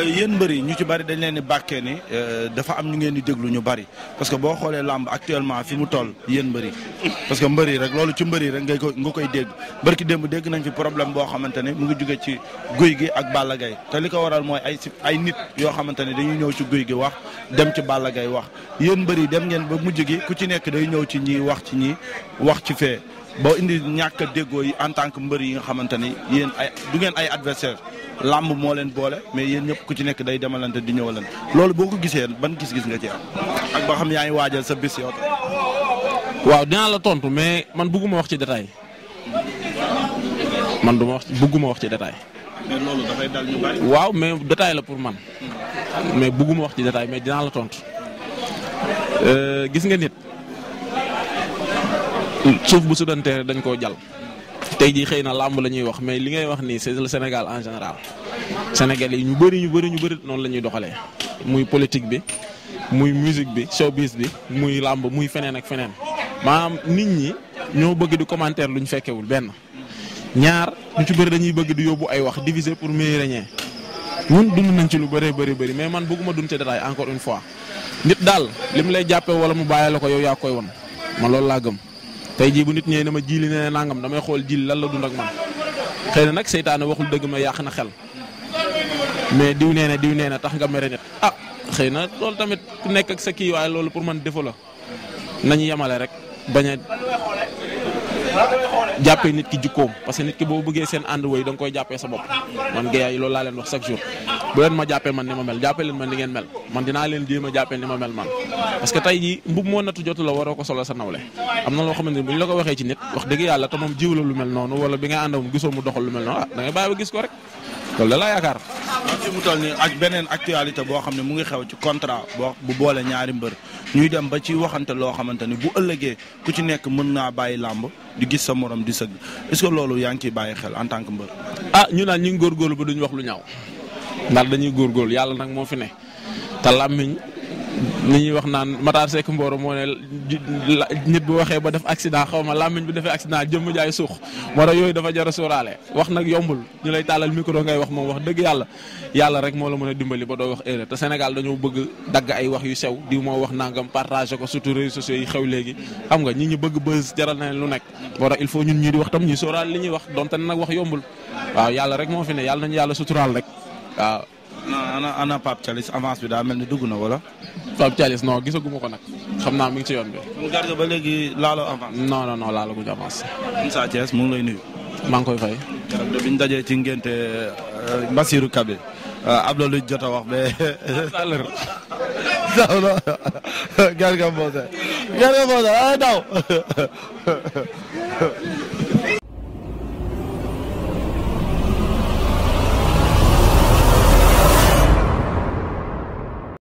Euh, yéen mbër yi ñu ci bari dañ leen di bàkkee ni euh, dafa am ñu ngeen di déglu ñu bari parce que boo xoolee làmb actuellement fi mu toll yéen mbër yi parce que mbër yi rek loolu ci mbër yi ngay ko nga koy dégg mbër ki démb dégg nañ fi problème boo xamante ne mu ngi jóge ci guy gi ak Balla Gaye te li ko waral mooy ay si ay nit yoo xamante ne dañuy ñëw ci guy gi wax dem ci Balla Gaye wax yéen mbër yi dem ngeen ba mujj gi ku ci nekk day ñëw ci ñii wax ci ñii wax ci fee boo indi ñàkk a déggoo yi en tant que mbër yi nga xamante ni yéen ay du ngeen ay adversaire làmb moo leen boole mais yéen ñëpp ku ci nekk day demalante di ñëwalante loolu boo ko gisee ban gis-gis nga ci ak ba xam yaa ngi waajal sa bis yow waaw dinaa la tontu mais man bugguma wax ci détail man duma wax bëgguma wax ci détail mais mais détail la pour man mais bëgguma wax ci détail mais dinaa la tontu euh, gis nga nit suuf bu sudantee dañ koo jal tey jii xëy na làmb la ñuy wax mais li ngay wax nii c'est le Sénégal en général Sénégalais yi ñu bëri ñu bëri ñu bëri noonu la ñuy doxalee muy politique bi muy musique bi showbiz bi muy làmb muy feneen ak feneen maanaam nit ñi ñoo bëgg di commentaire lu ñu fekkewul benn ñaar ñu ci bëri dañuy bëgg di yóbbu ay wax diviser pour mieux régner ñun dund nañ ci lu bëree bëri bari mais man bëgguma dund ci détail encore une fois nit daal lim lay jàppee wala mu bàyyee la ko yow yaa koy won loolu laa gëm. tey jii bu nit ñëwee ne ma jiili nee nangam damay xool jiili lan la dund ak man xëy na nag seytaane waxul dëgg ma yàq na xel mais diw nee na diw nee na tax nga mere nit ah xëy na loolu tamit nekk ak sa kii waaye loolu pour man defoo la nañu yemale rek bañ a jàppee nit ki jikkoom parce que nit ki boo bëggee seen ànd woy da koy jàppee sa bopp man gars yi loolu laa leen wax chaque jour. bu leen ma jàppee man ni ma mel jàppee leen man ni ngeen mel man dinaa leen jéem a jàppee ni ma mel man parce que tey jii mbub moo nattu jotu la waroo ko solo sa nawle am na loo xamante ni bu ñu la ko waxee ci nit wax dëgg yàlla te moom lu mel noonu wala bi nga ànd moom gisoo mu lu mel noonu ah da ngay ko rek loolu yaakaar ci mu ak beneen actualité boo xam ne mu ngi xew ci contrat boo bu boole ñaari mbër ñuy dem ba ci waxante loo xamante ni bu ëllëgee ku ci nekk mën naa bàyyi làmb di gis sa moroom di sëgg est que loolu yaa ngi ciy bàyyi xel en tant que mbër ah ñu naan ñu ngi góorgóorlu ba duñ wax lu ñaaw ndax dañuy góor góor yàlla nag moo fi ne te làmmiñ ni ñuy wax naan Matar Seck Mboro moo ne nit bu waxee ba def accident xaw ma làmmiñ bi defee accident jëmm jaay suux moo tax yooyu dafa jar a sóoraale wax nag yombul ñu lay taalal micro ngay wax moom wax dëgg yàlla yàlla rek moo la mën a dimbali ba doo wax erreur te Sénégal dañoo bëgg dagg ay wax yu sew di moo wax nangam partage ko surtout réseaux sociaux yi xew léegi xam nga ñi ñu bëgg bës jaral na lu nekk moo tax il faut ñun ñii di wax tam ñuy sóoraal li ñuy wax donte nag wax yombul waaw yàlla rek moo fi ne yàlla nañu yàlla suturaal rek waaw. Ah. non ana ana Pape avance bi daa mel ni dugg na wala. Pape Thialis non gisaguma ko nag. xam naa mi ngi ci yoon bi. kon Garga ba léegi laaloo avance. non non non laaloo avance. Moussa Thiès mu ngi lay nuyu. maa ngi koy fay. Garga bi ci ngénte Basirou Kabe am na luñ wax mais. Saalum. Garga Mbossé Garga Mbossé ah daaw.